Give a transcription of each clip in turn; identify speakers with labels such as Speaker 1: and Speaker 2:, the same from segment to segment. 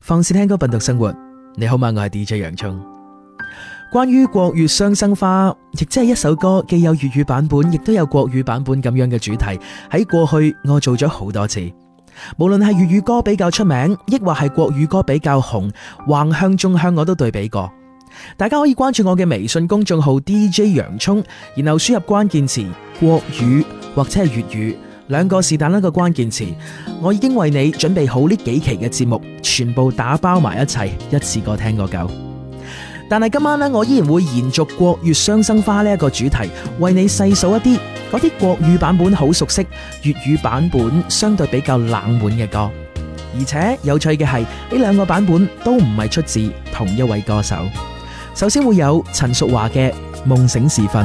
Speaker 1: 放肆聽歌品讀生活，你好嗎？我係 DJ 洋蔥。關於國語雙生花，亦即係一首歌既有粵語版本，亦都有國語版本咁樣嘅主題，喺過去我做咗好多次。無論係粵語歌比較出名，亦或係國語歌比較紅，橫向縱向我都對比過。大家可以關注我嘅微信公眾號 DJ 洋蔥，然後輸入關鍵詞國語或者係粵語。兩個是但一個關鍵詞，我已經為你準備好呢幾期嘅節目，全部打包埋一齊，一次過聽個夠。但係今晚呢，我依然會延續國粵雙生花呢一個主題，為你細數一啲嗰啲國語版本好熟悉、粵語版本相對比較冷門嘅歌。而且有趣嘅係，呢兩個版本都唔係出自同一位歌手。首先會有陳淑樺嘅《夢醒時分》。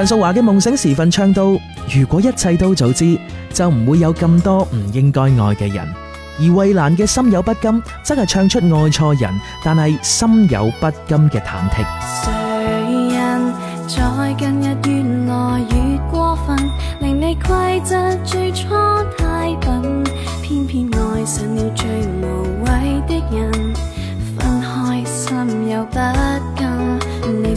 Speaker 1: 陳淑華嘅《夢醒時分》唱到：如果一切都早知，就唔會有咁多唔應該愛嘅人。而衛蘭嘅《心有不甘》真係唱出愛錯人，但係心有不甘嘅忐忑。
Speaker 2: 人」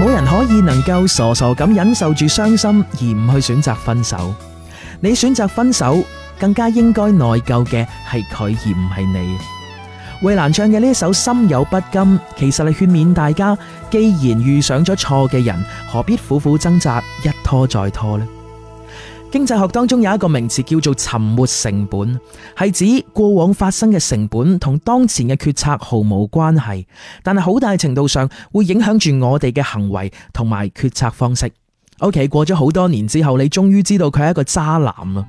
Speaker 1: 冇人可以能夠傻傻咁忍受住傷心而唔去選擇分手。你選擇分手，更加應該內疚嘅係佢而唔係你。衛蘭唱嘅呢首《心有不甘》，其實係勸勉大家，既然遇上咗錯嘅人，何必苦苦掙扎，一拖再拖呢？經濟學當中有一個名詞叫做沉沒成本，係指過往發生嘅成本同當前嘅決策毫無關係，但係好大程度上會影響住我哋嘅行為同埋決策方式。OK，過咗好多年之後，你終於知道佢係一個渣男啦。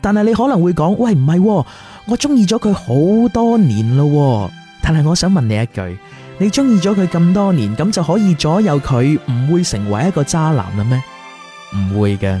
Speaker 1: 但係你可能會講：「喂，唔係喎，我中意咗佢好多年喇喎。」但係我想問你一句：你中意咗佢咁多年，咁就可以左右佢唔會成為一個渣男了咩？唔會嘅。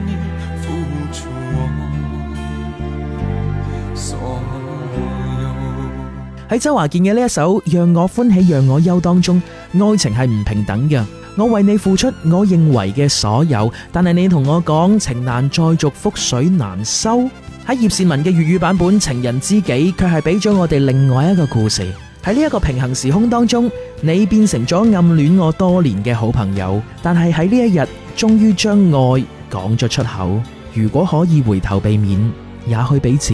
Speaker 1: 喺周華健嘅呢一首《讓我歡喜讓我憂》當中，愛情係唔平等嘅。我為你付出我認為嘅所有，但係你同我講情難再續，覆水難收。喺葉倩文嘅粵語版本《情人知己》，卻係俾咗我哋另外一個故事。喺呢一個平行時空當中，你變成咗暗戀我多年嘅好朋友，但係喺呢一日終於將愛講咗出口。如果可以回頭避免，也許彼此。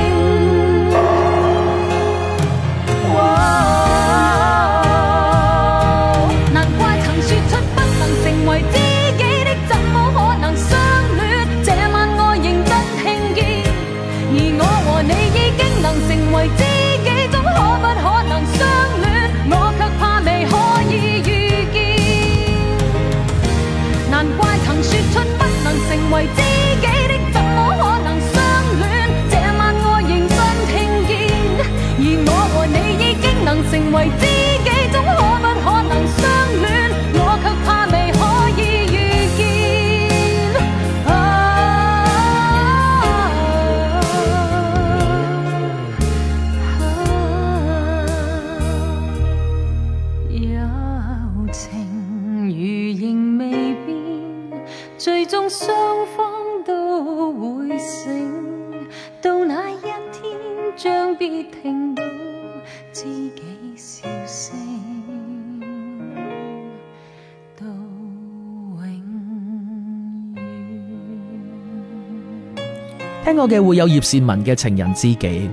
Speaker 1: 聽過嘅會有葉倩文嘅情人知己。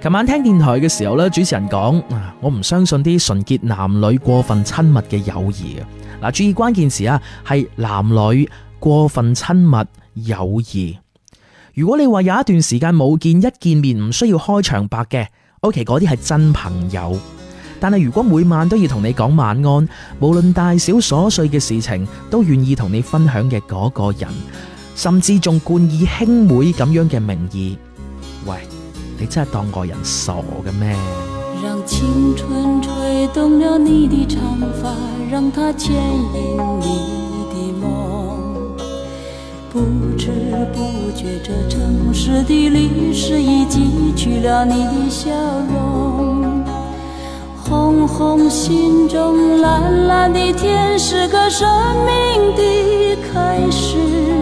Speaker 1: 琴晚聽電台嘅時候咧，主持人講：我唔相信啲純潔男女過分親密嘅友誼啊！嗱，注意關鍵詞啊，係男女過分親密友誼。如果你話有一段時間冇見，一見面唔需要開場白嘅，O.K. 嗰啲係真朋友。但係如果每晚都要同你講晚安，無論大小瑣碎嘅事情都願意同你分享嘅嗰個人。甚至仲冠以兄妹咁樣嘅名義，喂，你真係當外人傻嘅咩？
Speaker 2: 讓青春吹動了你的長髮，讓它牽引你的夢，不知不覺這城市的歷史已記取了你的笑容。紅紅心中藍藍的天是個生命的開始。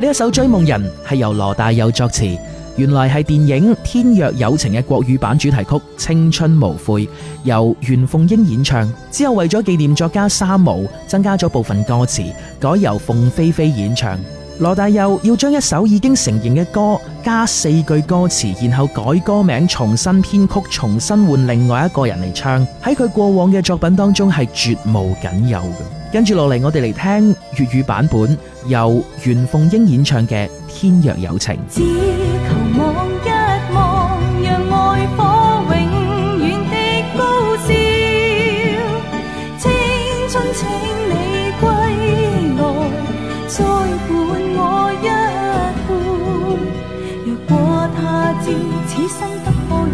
Speaker 1: 呢一首《追夢人》係由羅大佑作詞，原來係電影《天若有情》嘅國語版主題曲《青春無悔》，由袁鳳瑛演唱。之後為咗紀念作家三毛，增加咗部分歌詞，改由鳳飛飛演唱。羅大佑要將一首已經成型嘅歌加四句歌詞，然後改歌名，重新編曲，重新換另外一個人嚟唱，喺佢過往嘅作品當中係絕無僅有嘅。跟住落嚟，我哋嚟聽粵語版本，由袁鳳瑛演唱嘅《天若有情》。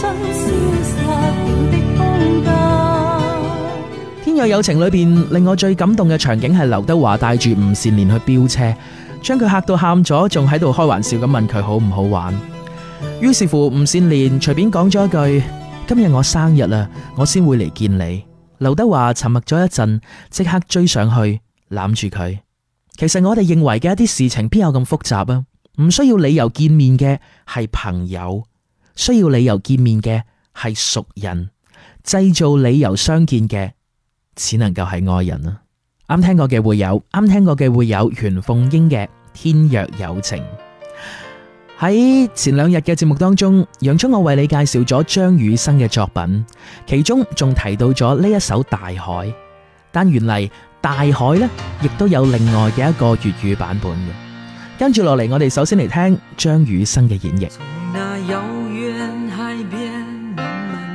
Speaker 2: 真
Speaker 1: 的風格。《天若有情》裏邊令我最感動嘅場景係劉德華帶住吳倩蓮去飆車，將佢嚇到喊咗，仲喺度開玩笑咁問佢好唔好玩。於是乎，吳倩蓮隨便講咗一句，今日我生日啦，我先會嚟見你。劉德華沉默咗一陣，即刻追上去攬住佢。其實我哋認為嘅一啲事情，邊有咁複雜啊？唔需要理由見面嘅係朋友，需要理由見面嘅係熟人，製造理由相見嘅，只能夠係愛人啊，啱聽過嘅會有，啱聽過嘅會有袁鳳瑛嘅《天若有情》。喺前兩日嘅節目當中，楊聰我為你介紹咗張雨生嘅作品，其中仲提到咗呢一首《大海》，但原嚟，《大海》呢，亦都有另外嘅一個粵語版本嘅。跟住落嚟，我哋首先嚟聽張雨生嘅演繹。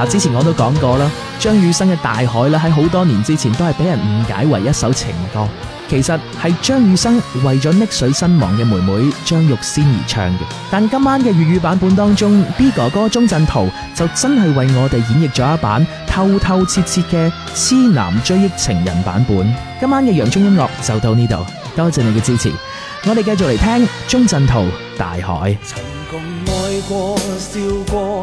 Speaker 1: 嗱，之前我都講過啦，張雨生嘅《大海》啦，喺好多年之前都係俾人誤解為一首情歌，其實係張雨生為咗溺水身亡嘅妹妹張玉仙而唱嘅。但今晚嘅粵語版本當中，B 哥哥鍾鎮濤就真係為我哋演繹咗一版偷偷切切嘅痴男追憶情人版本。今晚嘅洋蔥音樂就到呢度，多謝你嘅支持。我哋繼續嚟聽鍾鎮濤《大海》。
Speaker 3: 曾共愛過笑過